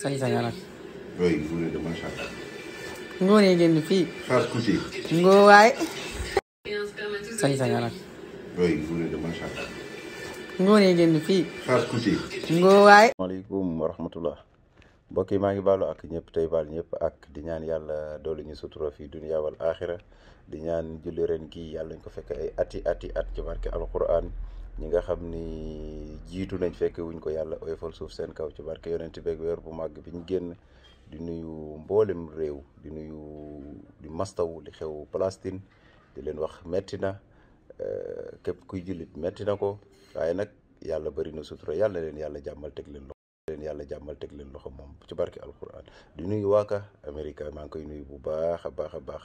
sañ saña nag yooyu nguuree dama sàkk fii xaas ku ci ngoo génn fii xaas ku ci ngoo waay yi maa ngi baalu ak ñëpp tey bal ñëpp ak di ñaan yàlla doole ñu suturo fii duniya wal di ñaan julli ren gi yàlla ñu ko fekk ati ati at ci barke alquran ñi nga xam ni jiitu nañ fekk wuñ ko yàlla oyofal suuf seen kaw ci barke yonent beeg weer bu màgg bi ñu génn di nuyu mboolem réew di nuyu di mastaw li xew Palestine di leen wax metti na euh, képp kuy jullit metti na ko waaye nag yàlla bëri na sutura yàlla leen yàlla jàmmal teg leen loxo leen yàlla jàmmal loxo moom ci barke alquran di nuyu waaka Amérique maa ngi koy nuyu bu baax a baax a baax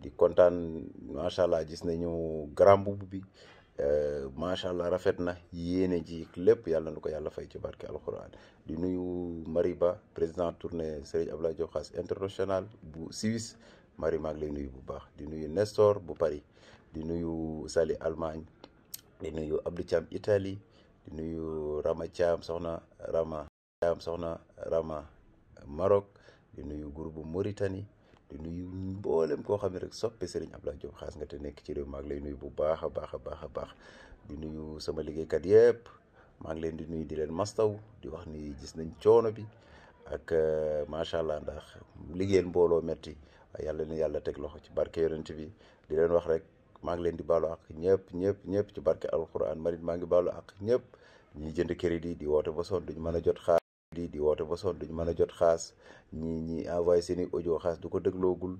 di kontaan macha allah gis nañu grand boubou bi Euh, macha allah rafet na yéene ji lépp yàlla nu ko yàlla fay ci barke alxuraan di nuyu mari ba président tournée Serigne Abdoulaye Diop Khass bu Suisse Mari maa ngi lay nuyu bu baax di nuyu Nestor bu Paris di nuyu Sali Allemagne di nuyu Abdou Thiam Italie di nuyu Rama Thiam soxna Rama Thiam soxna Rama Maroc di nuyu groupe Mauritanie di nuyu mboolem koo xam ne rek soppe sëriñ Abdoulaye Diop Khass nga te nekk ci réew maag ngi lay nuyu bu baax a baax a baax a baax di nuyu sama liggéeykat yëpp maa ngi leen di nuyu di leen mastaw di wax ni gis nañ coono bi ak euh, macha allah ndax liggéeyal mbooloo metti yàlla na yàlla teg loxo ci barke yonent bi di leen wax rek maa ngi leen di baalu ak ñëpp ñëpp ñëpp ci barke alquran marit maa ngi baalu ak ñëpp ñiy jënd crédit di woote ba sonn duñ mën a jot xaar lii di woote ba sonn duñ mën a jot xaas ñi ñi envoyé seen i audio xaas du ko dégloogul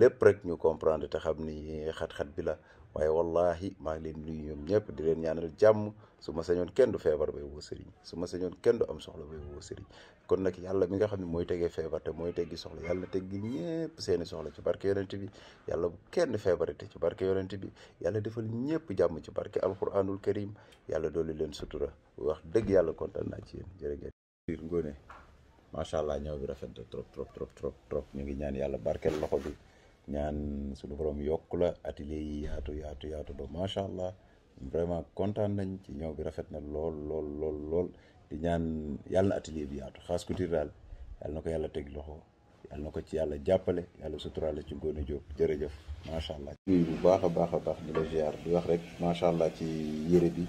lépp rek ñu comprendre te xam ni xat-xat bi la waaye wallahi maa ngi leen ñu ñoom ñëpp di leen ñaanal jàmm su ma sañoon kenn du feebar bay woo sëriñ su ma sañoon kenn du am soxla bay woo sëriñ kon nag yàlla mi nga xam ne mooy tegee feebar te mooy teggi soxla yàlla teggi ñëpp seeni soxla ci barke yonent bi yàlla kenn feebarite ci barke yonent bi yàlla defal ñëpp jàmm ci barke alquranul karim yàlla doolu leen sutura wax dëgg yàlla kontaan naa ci yéen biir ngone macha allah ñëw bi rafet na trop trop trop trop ñu ngi ñaan yàlla barkeel loxo bi ñaan suñu borom yokk la atelier yi yaatu yaatu yaatu ba macha allah vraiment kontaan nañ ci ñëw bi rafet na lool lool lool lool di ñaan yàlla na atelier bi yaatu Khass Couture daal yàlla na ko yàlla teg loxo yàlla na ko ci yàlla jàppale yàlla suturaale ci ngoone Diop jërëjëf macha allah. bu baax a baax a baax di la wax rek macha allah ci yére bi.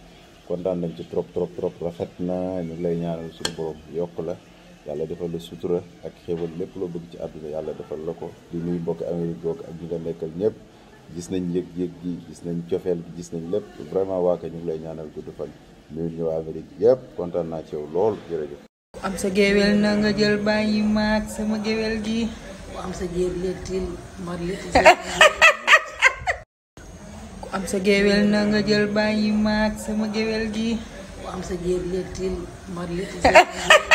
kontaan nañ ci trop trop trop rafet na ñu ngi lay ñaanal suñu borom yokk la yàlla defal la sutura ak xéwal lépp loo bëgg ci àdduna yàlla defal la ko di nuyu mbokk Amérique googu ak ñi nga nekkal ñëpp gis nañ yëg-yëg gi gis nañ cofeel gis nañ lépp vraiment waa ka ñu lay ñaanal gudd ñu waa kontaan naa ci lool jërëjëf. am sa géwél na nga jël bàyyi maag sama géwél gi. am sa géwél am sa géwél na nga jël bàyyi maag sama géwél gi. ku am